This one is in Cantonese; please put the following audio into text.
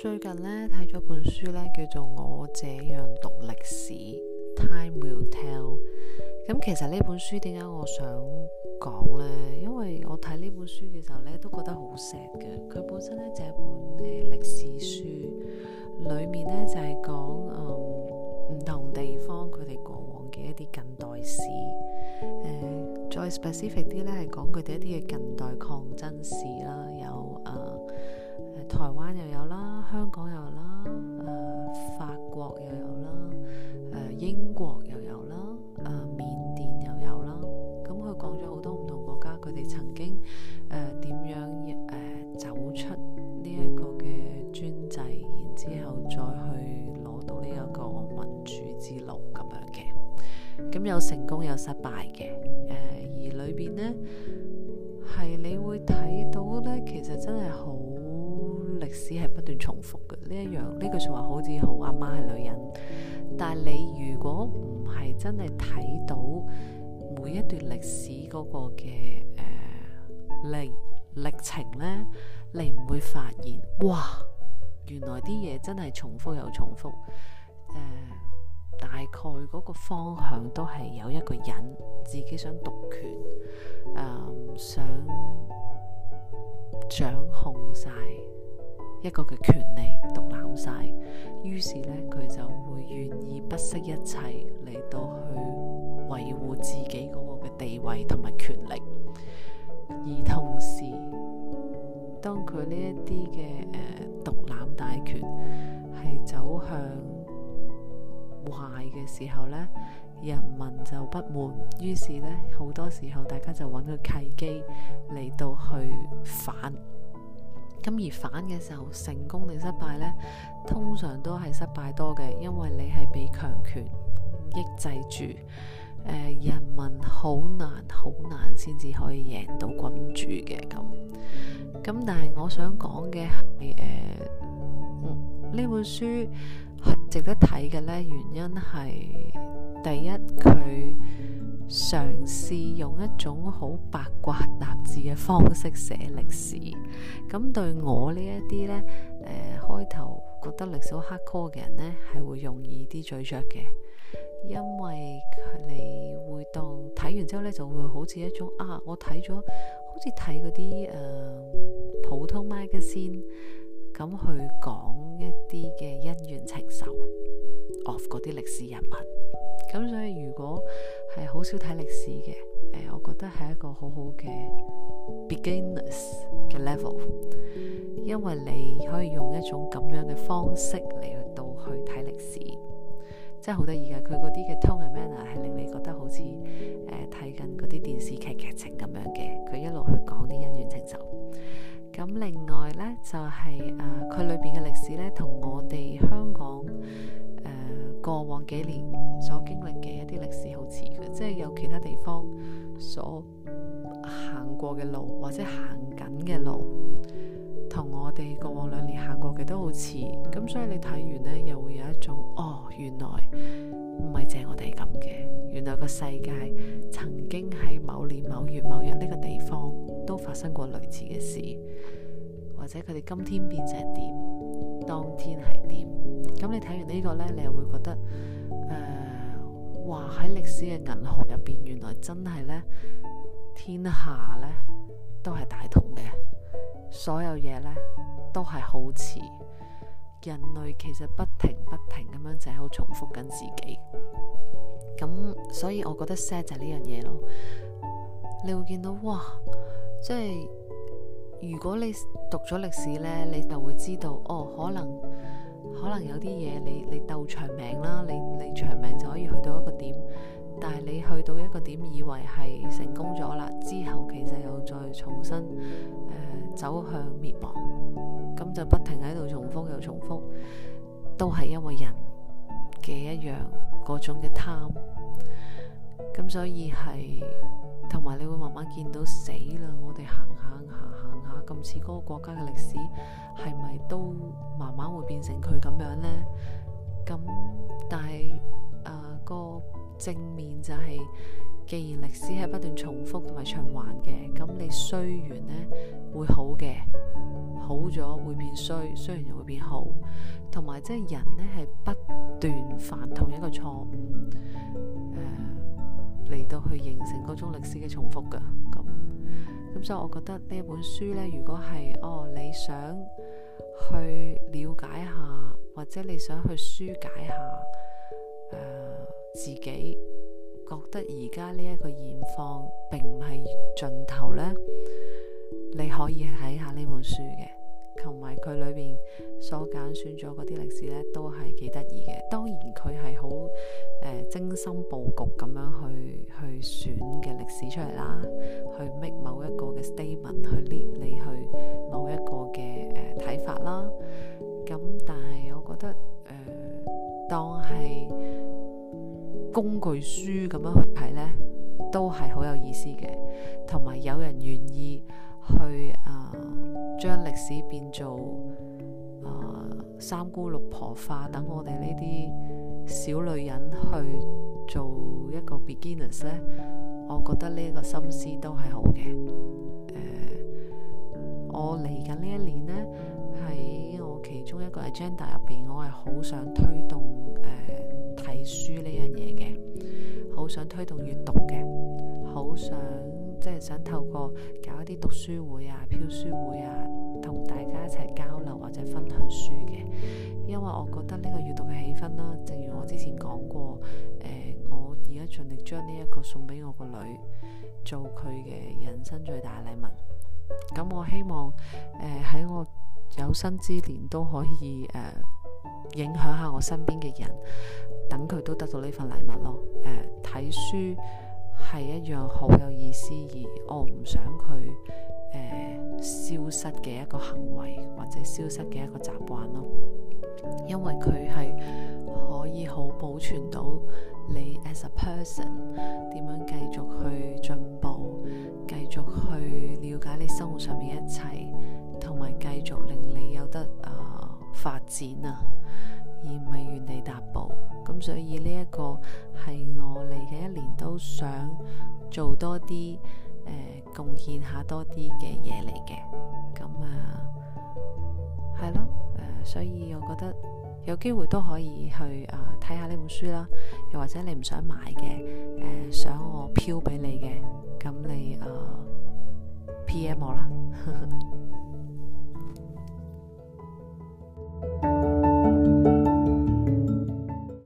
最近咧睇咗本書咧，叫做《我這樣讀歷史》，Time will tell。咁、嗯、其實呢本書點解我想講呢？因為我睇呢本書嘅時候咧，都覺得好錫嘅。佢本身咧就一本歷、呃、史書，裏面咧就係講唔同地方佢哋過往嘅一啲近代史。呃、再 specific 啲咧係講佢哋一啲嘅近代抗爭史啦。有成功有失敗嘅，誒、呃，而裏邊呢，係你會睇到呢。其實真係好，歷史係不斷重複嘅。呢一樣呢句說話好似好阿媽係女人，但係你如果唔係真係睇到每一段歷史嗰個嘅誒、呃、歷歷程呢，你唔會發現，哇，原來啲嘢真係重複又重複，誒、呃。大概嗰個方向都係有一個人自己想獨權、呃，想掌控晒一個嘅權利，獨攬晒。於是呢，佢就會願意不惜一切嚟到去維護自己嗰個嘅地位同埋權力。壞嘅時候呢，人民就不滿，於是呢，好多時候大家就揾個契機嚟到去反。咁而反嘅時候，成功定失敗呢，通常都係失敗多嘅，因為你係被強權抑制住，呃，人民好難好難先至可以贏到君主嘅咁。咁但係我想講嘅係誒，呢、呃嗯、本書。值得睇嘅呢，原因係第一，佢嘗試用一種好八卦、雜誌嘅方式寫歷史，咁對我呢一啲呢，誒、呃、開頭覺得歷史好黑科嘅人呢，係會容易啲咀嚼嘅，因為佢會當睇完之後呢，就會，會好似一種啊，我睇咗好似睇嗰啲誒普通 magazine 先。」咁去講一啲嘅恩怨情仇，of 嗰啲歷史人物。咁所以如果係好少睇歷史嘅，誒、呃，我覺得係一個好好嘅 beginners 嘅 level，因為你可以用一種咁樣嘅方式嚟到去睇歷史，真係好得意嘅。佢啲嘅 tone manner 即係有其他地方所行過嘅路，或者行緊嘅路，同我哋過往兩年行過嘅都好似，咁所以你睇完呢，又會有一種哦，原來唔係淨係我哋咁嘅，原來個世界曾經喺某年某月某日呢個地方都發生過類似嘅事，或者佢哋今天變成點，當天係點，咁你睇完呢個呢，你又會覺得。哇！喺歷史嘅銀河入邊，原來真係呢，天下呢，都係大同嘅，所有嘢呢，都係好似人類其實不停不停咁樣就喺度重複緊自己。咁所以我覺得 set 就係呢樣嘢咯。你會見到哇，即係如果你讀咗歷史呢，你就會知道哦，可能可能有啲嘢你你鬥長命啦，你你長命就可以去到。向滅亡，咁就不停喺度重複又重複，都係因為人嘅一樣各種嘅貪，咁所以係同埋你會慢慢見到死啦。我哋行行行行下，咁似嗰個國家嘅歷史，係咪都慢慢會變成佢咁樣呢？咁但係誒個正面就係。既然歷史係不斷重複同埋循環嘅，咁你衰完咧會好嘅，好咗會變衰，衰完又會變好，同埋即係人呢係不斷犯同一個錯誤，嚟、呃、到去形成嗰種歷史嘅重複噶。咁、嗯、咁所以，我覺得呢本書呢，如果係哦你想去了解下，或者你想去疏解下、呃、自己。覺得而家呢一個現況並唔係盡頭呢，你可以睇下呢本書嘅，同埋佢裏邊所揀選咗嗰啲歷史呢，都係幾得意嘅。當然佢係好精心佈局咁樣去去選嘅歷史出嚟啦，去 make 某一個嘅 statement，去 lead 你去某一個嘅呃、睇法啦。咁但係我覺得誒、呃，當係。工具書咁樣去睇呢，都係好有意思嘅，同埋有，有人願意去啊、呃，將歷史變做啊、呃、三姑六婆化，等我哋呢啲小女人去做一個 beginners 呢。我覺得呢個心思都係好嘅、呃。我嚟緊呢一年呢，喺我其中一個 agenda 入邊，我係好想推動、呃睇書呢樣嘢嘅，好想推動閱讀嘅，好想即係、就是、想透過搞一啲讀書會啊、漂書會啊，同大家一齊交流或者分享書嘅。因為我覺得呢個閱讀嘅氣氛啦，正如我之前講過，誒、呃，我而家盡力將呢一個送俾我個女，做佢嘅人生最大禮物。咁、嗯嗯、我希望誒喺、呃、我有生之年都可以誒、呃、影響下我身邊嘅人。等佢都得到呢份禮物咯。呃、睇書係一樣好有意思，而我唔想佢、呃、消失嘅一個行為或者消失嘅一個習慣咯。因為佢係可以好保存到你 as a person 點樣繼續去進步、繼續去了解你生活上面一切，同埋繼續令你有得啊、呃、發展啊。而唔係原地踏步，咁所以呢一個係我嚟嘅一年都想做多啲，誒貢獻下多啲嘅嘢嚟嘅，咁啊係咯，所以我覺得有機會都可以去啊睇下呢本書啦，又或者你唔想買嘅，誒、呃、想我飄俾你嘅，咁你誒、呃、PM 我啦。